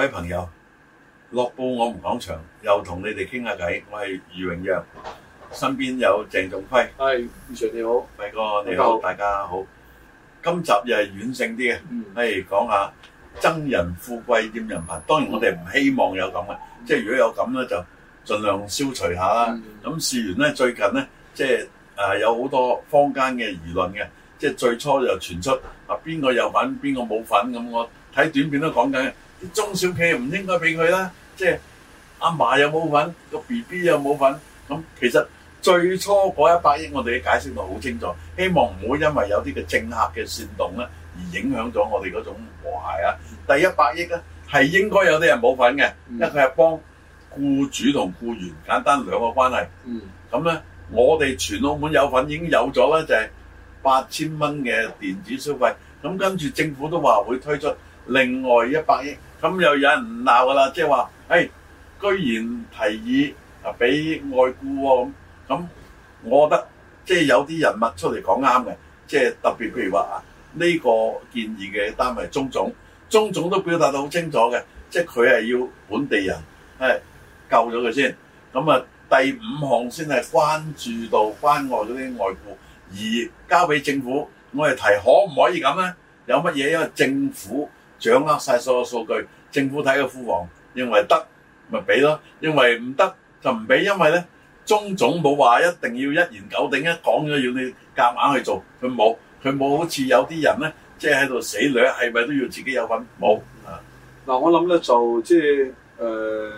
各位朋友，樂報我唔講場，又同你哋傾下偈。我係余榮讓，身邊有鄭仲輝，係余 Sir 你好，偉哥你好，你好，大家好。今集又係軟性啲嘅，誒、嗯，講下憎人富貴厭人貧。當然我哋唔希望有咁嘅，嗯、即係如果有咁咧，就盡量消除一下啦。咁、嗯、事緣咧，最近咧，即係誒有好多坊間嘅輿論嘅，即係最初又傳出啊邊個有份，邊個冇份。咁，我睇短片都講緊。啲中小企唔應該俾佢啦，即係阿嫲有冇份，個 B B 有冇份。咁其實最初嗰一百億我哋嘅解釋到好清楚，希望唔好因為有啲嘅政客嘅煽動咧，而影響咗我哋嗰種和諧啊。第一百億咧係應該有啲人冇份嘅，嗯、因為佢係幫僱主同僱員，簡單兩個關係。咁咧、嗯，我哋全澳門有份已經有咗咧，就係八千蚊嘅電子消費。咁跟住政府都話會推出另外一百億。咁又有人鬧㗎喇，即係話，誒，居然提議啊，俾外僱喎咁，咁我覺得即係、就是、有啲人物出嚟講啱嘅，即、就、係、是、特別譬如話啊，呢、這個建議嘅單位中總，中總都表達得好清楚嘅，即係佢係要本地人，係救咗佢先，咁啊第五項先係關注到關愛嗰啲外僱，而交俾政府，我哋提可唔可以咁咧？有乜嘢因為政府？掌握晒所有數據，政府睇個庫房，認為得咪俾咯，認為唔得就唔俾，因為咧中總冇話一定要一言九鼎，一講咗要你夾硬硬去做，佢冇，佢冇好似有啲人咧，即係喺度死掠，係咪都要自己有份？冇啊！嗱，我諗咧就即係誒，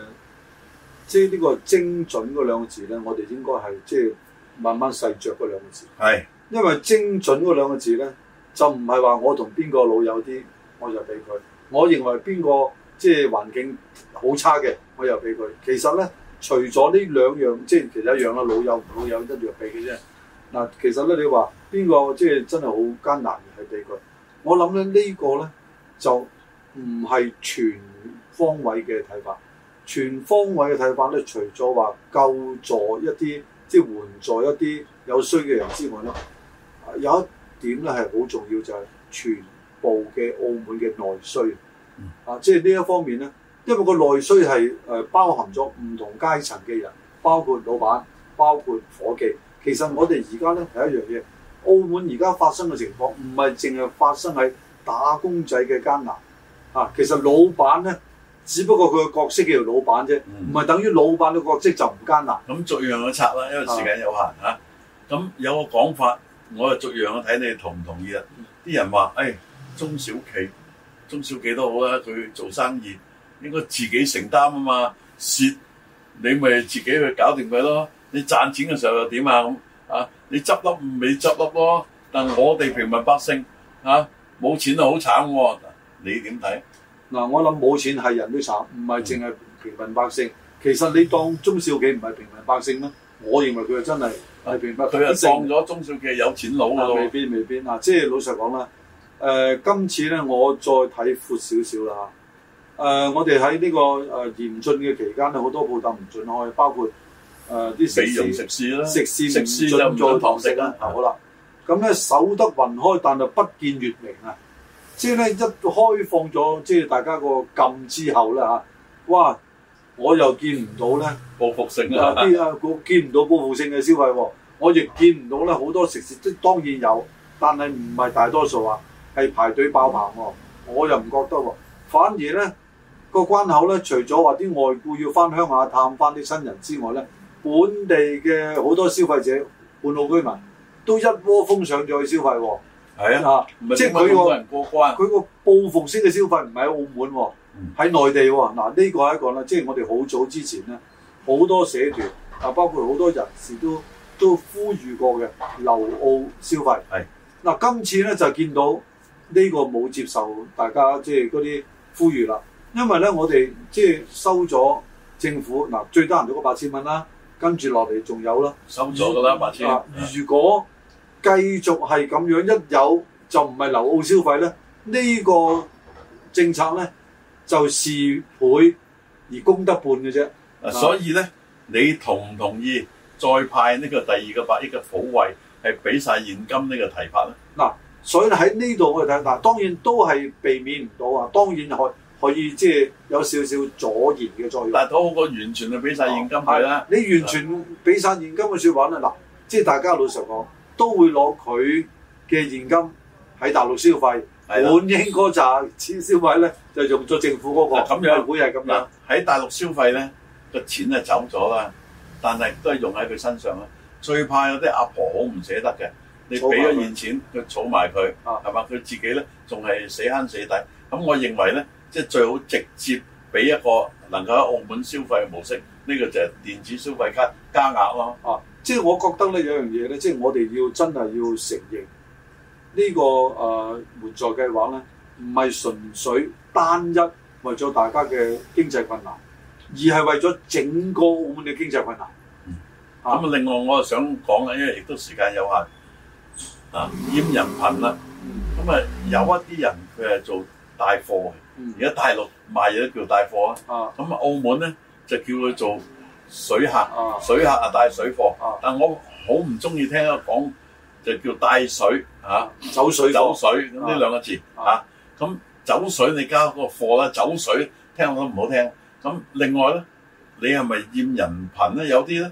即係呢個精準嗰兩個字咧，我哋應該係即係慢慢細嚼嗰兩個字。係，因為精準嗰兩個字咧，就唔係話我同邊個老友啲。我就俾佢。我認為邊個即係環境好差嘅，我又俾佢。其實咧，除咗呢兩樣，即係其實一樣啦，老友唔老友一樣俾嘅啫。嗱，其實咧，你話邊個即係真係好艱難去係俾佢。我諗咧呢個咧就唔係全方位嘅睇法。全方位嘅睇法咧，除咗話救助一啲即係援助一啲有需嘅人之外咧，有一點咧係好重要就係、是、全部嘅澳門嘅內需啊，嗯、即係呢一方面咧，因為個內需係誒包含咗唔同階層嘅人，包括老闆，包括伙計。其實我哋而家咧係一樣嘢，澳門而家發生嘅情況唔係淨係發生喺打工仔嘅艱難啊。其實老闆咧，只不過佢嘅角色叫做老闆啫，唔係、嗯、等於老闆嘅角色就唔艱難。咁逐、嗯、樣去拆啦，因為時間有限嚇。咁吧、啊、有個講法，我就逐樣去睇你同唔同意啦。啲人話誒。哎中小企，中小企都好啦。佢做生意，應該自己承擔啊嘛。蝕，你咪自己去搞掂佢咯。你賺錢嘅時候又點啊？咁啊，你執笠咪執笠咯。但係我哋平民百姓啊，冇錢都好慘喎。你點睇？嗱，我諗冇錢係人都慘，唔係淨係平民百姓。其實你當中小企唔係平民百姓咩？我認為佢真係係平民百姓，佢又當咗中小企有錢佬啊。未必未必，啊！即係老實講啦。誒、呃、今次咧，我再睇闊少少啦嚇。誒、呃，我哋喺呢個誒、呃、嚴峻嘅期間咧，好多鋪頭唔準開，包括誒啲食肆、食肆、食肆唔準堂食啦。好啦，咁、嗯、咧守得雲開，但係不見月明啊！即係咧一開放咗，即係大家個禁之後咧嚇、啊，哇！我又見唔到咧報復性啊啲啊，見唔到報復性嘅消費喎。的我亦見唔到咧好多食肆，即當然有，但係唔係大多數啊。係排隊爆棚喎、哦，嗯、我又唔覺得喎、哦，反而咧個關口咧，除咗話啲外僱要翻鄉下探翻啲親人之外咧，本地嘅好多消費者、本澳居民都一窩蜂上咗去消費喎、哦。係啊，即係佢、那個佢個人過關，佢個報復式嘅消費唔喺澳門喎、哦，喺、嗯、內地喎、哦。嗱、啊、呢、這個係一個啦，即、就、係、是、我哋好早之前咧，好多社團啊，包括好多人士都都呼籲過嘅留澳消費。係嗱是、啊，今次咧就見到。呢個冇接受大家即係嗰啲呼籲啦，因為咧我哋即係收咗政府嗱最多人咗個八千蚊啦，跟住落嚟仲有啦，收咗㗎啦八千蚊。如果繼的續係咁樣，一有就唔係留澳消費咧，呢、這個政策咧就是倍而功德半嘅啫。所以咧，的你同唔同意再派呢個第二個百億嘅補位係俾晒現金呢個提法咧？嗱。所以喺呢度我哋睇，但當當然都係避免唔到啊！當然可可以即係有少少阻延嘅作用。但都好過完全係俾晒現金佢啦，啊。你完全俾晒現金嘅説話咧，嗱的，即係大家老實講，都會攞佢嘅現金喺大陸消費，本的應嗰賺錢消費咧，就用咗政府嗰，那個。咁樣，會係咁樣。喺大陸消費咧，個錢就走咗啦，但係都係用喺佢身上啦。最怕有啲阿婆好唔捨得嘅。你俾咗現錢，佢儲埋佢，係嘛？佢自己咧仲係死慳死抵。咁我認為咧，即係最好直接俾一個能夠喺澳門消費嘅模式。呢、這個就係電子消費卡加額咯。啊，即係我覺得呢，有樣嘢咧，即、就、係、是、我哋要真係要承認、這個呃、呢個誒援助計劃咧，唔係純粹單一為咗大家嘅經濟困難，而係為咗整個澳門嘅經濟困難。咁、嗯、啊，另外我啊想講咧，因為亦都時間有限。啊，厭人貧啦！咁啊、嗯，有一啲人佢係做帶貨嘅，而家、嗯、大陸賣嘢都叫帶貨啊。咁啊，澳門咧就叫佢做水客，啊、水客啊帶水貨。啊、但我好唔中意聽講，就叫帶水啊走水走水呢兩個字嚇。咁、啊啊、走水你加個貨啦，走水聽落都唔好聽。咁另外咧，你係咪厭人貧咧？有啲咧，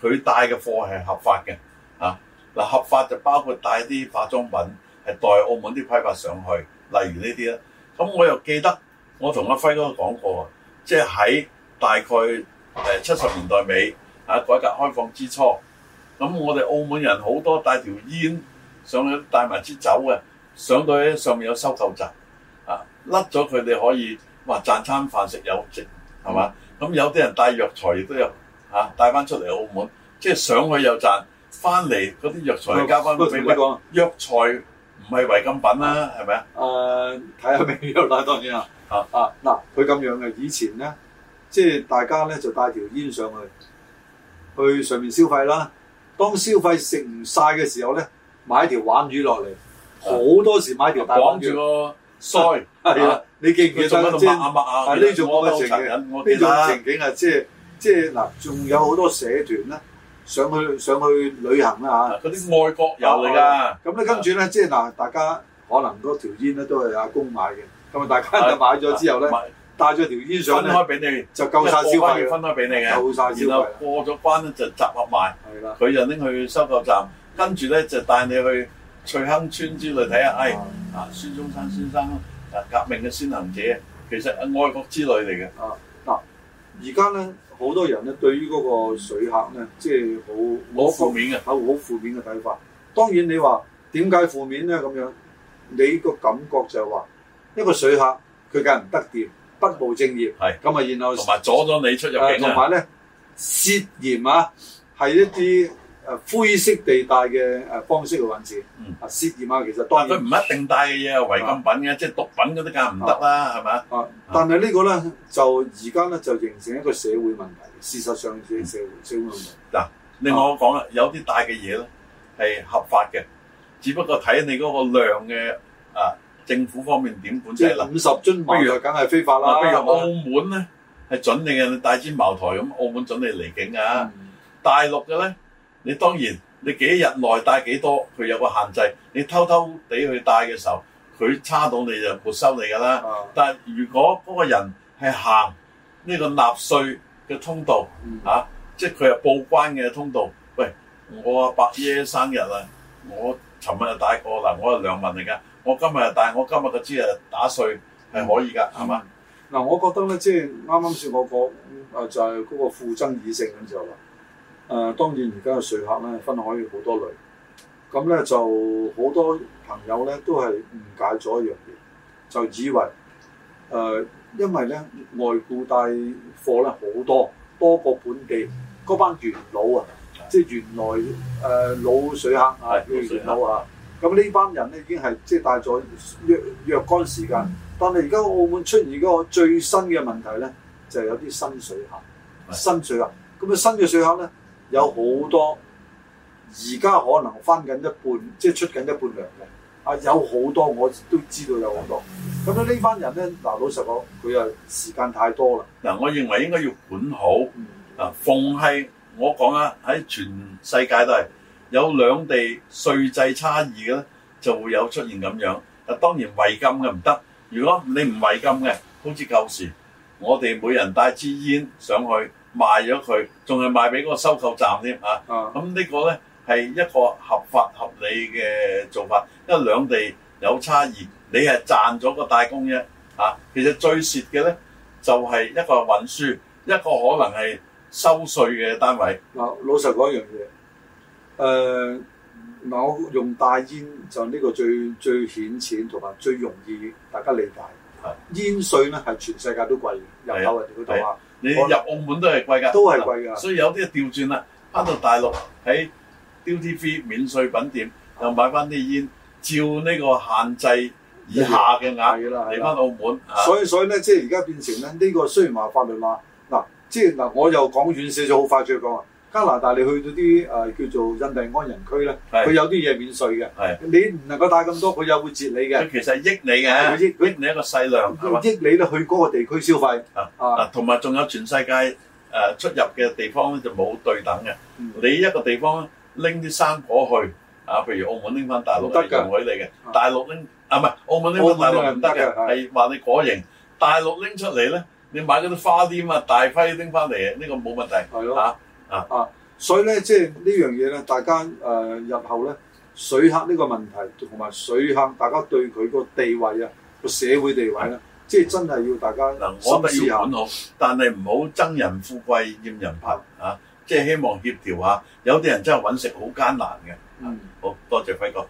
佢帶嘅貨係合法嘅，啊嗱，合法就包括帶啲化妝品，係代澳門啲批發上去，例如呢啲咧。咁我又記得我同阿輝哥講過即係喺大概誒七十年代尾啊，改革開放之初，咁我哋澳門人好多帶條煙上去，帶埋支酒嘅，上到上面有收購站啊，甩咗佢哋可以話賺餐飯食有值，係嘛？咁有啲人帶藥材亦都有嚇，帶翻出嚟澳門，即係上去有賺。翻嚟嗰啲藥材加翻，藥材唔係違禁品啦，係咪啊？誒，睇下未，藥材當然啦。啊啊，嗱，佢咁樣嘅以前咧，即係大家咧就帶條煙上去，去上面消費啦。當消費食唔晒嘅時候咧，買條皖魚落嚟，好多時買條大皖魚個腮。係啦，你記唔記得先？係呢我嘅情嘅呢種情景啊，即係即係嗱，仲有好多社團咧。上去上去旅行啦嚇，嗰啲、啊、外國遊嚟㗎。咁咧跟住咧，即係嗱，大家可能嗰條煙咧都係阿公買嘅。咁啊，大家就買咗之後咧，的帶咗條煙上開俾你，就夠晒小費嘅。夠曬小費，費然後過咗關咧就集合埋。係啦的，佢就拎去收購站，跟住咧就帶你去翠亨村之類睇下。的哎啊，孫中山先生啊，革命嘅先行者，其實係愛國之類嚟嘅。啊。而家咧，好多人咧對於嗰個水客咧，即係好好負面嘅，好負面嘅睇法。當然你話點解負面咧咁樣？你個感覺就係話一個水客，佢梗係唔得掂，不務正業，咁啊是，然後同埋阻咗你出入境，同埋咧涉嫌啊，係一啲，灰色地帶嘅方式嘅運輸，啊，涉業啊，其實當然佢唔一定帶嘅嘢係違禁品嘅，即係毒品嗰啲㗎，唔得啦，係咪？但係呢個咧就而家咧就形成一個社會問題，事實上係社會社會問題。嗱，另外我講啦，有啲帶嘅嘢呢，係合法嘅，只不過睇你嗰個量嘅啊，政府方面點管制啦？不如就梗係非法啦。譬如澳門咧係準你嘅，你帶支茅台咁，澳門準你離境㗎。大陸嘅咧。你當然，你幾日內帶幾多，佢有個限制。你偷偷地去帶嘅時候，佢差到你就沒收你㗎啦。啊、但係如果嗰個人係行呢個納稅嘅通道嚇、嗯啊，即係佢係報關嘅通道。喂，我阿伯爺生日啊，我尋日就帶過啦，我係良民嚟㗎。我今日就帶，我今日嘅資啊打稅係可以㗎，係嘛、嗯？嗱嗎、嗯，我覺得咧，即係啱啱先我講啊，就係、是、嗰個富增已性時候。咁就啦。誒、呃、當然而家嘅水客咧分開好多類，咁咧就好多朋友咧都係誤解咗一樣嘢，就以為誒、呃、因為咧外僱帶貨咧好多多過本地嗰班元老啊，是即係原來誒、呃、老水客啊，老是元老啊，咁是呢班人咧已經係即係帶咗若若干時間，嗯、但係而家澳門出現嗰個最新嘅問題咧，就係、是、有啲新水客，是新水客，咁啊新嘅水客咧。有好多，而家可能返緊一半，即係出緊一半糧嘅。啊，有好多我都知道有好多。咁樣呢班人咧，嗱老實講，佢啊時間太多啦。嗱，我認為應該要管好。凡係我講啊，喺全世界都係有兩地稅制差異嘅咧，就會有出現咁樣。啊，當然違禁嘅唔得。如果你唔違禁嘅，好似舊時我哋每人帶支煙上去。賣咗佢，仲係賣俾嗰個收購站添、嗯、啊，咁呢個咧係一個合法合理嘅做法，因為兩地有差異，你係賺咗個大工嘅。啊，其實最蝕嘅咧就係、是、一個運輸，一個可能係收稅嘅單位。嗱、嗯，老實講一樣嘢，誒、呃、嗱，我用大煙就呢個最最顯淺同埋最容易大家理解。煙的稅咧係全世界都貴嘅，又有人喺你入澳門都係貴噶，都係貴噶，啊、貴所以有啲調轉啦，翻到大陸喺 D T V 免稅品店、啊、又買翻啲煙，照呢個限制以下嘅額，嚟翻澳門。啊、所以所以咧，即係而家變成咧，呢、呢個雖然話法律話，嗱、啊，即係嗱、啊，我又講遠少少，好快再講啊。加拿大你去到啲誒叫做印第安人區咧，佢有啲嘢免稅嘅。你唔能夠帶咁多，佢又會截你嘅。其實益你嘅，係咪先？益你一個細量係嘛？益你咧去嗰個地區消費啊！啊，同埋仲有全世界誒出入嘅地方咧，就冇對等嘅。你一個地方拎啲生果去啊，譬如澳門拎翻大陸係陽痿嚟嘅，大陸拎啊，唔係澳門拎翻大陸唔得嘅，係話你果型。大陸拎出嚟咧，你買嗰啲花啲嘛大批拎翻嚟，呢個冇問題。係咯，嚇。啊啊！所以咧，即係呢樣嘢咧，大家誒、呃、入後咧，水客呢個問題同埋水客，大家對佢個地位啊，個社會地位咧，啊、即係真係要大家深思、啊、我要好，但係唔好憎人富貴厭人貧啊！即、就、係、是、希望協調下、嗯、啊！有啲人真係搵食好艱難嘅。嗯，好多謝輝哥。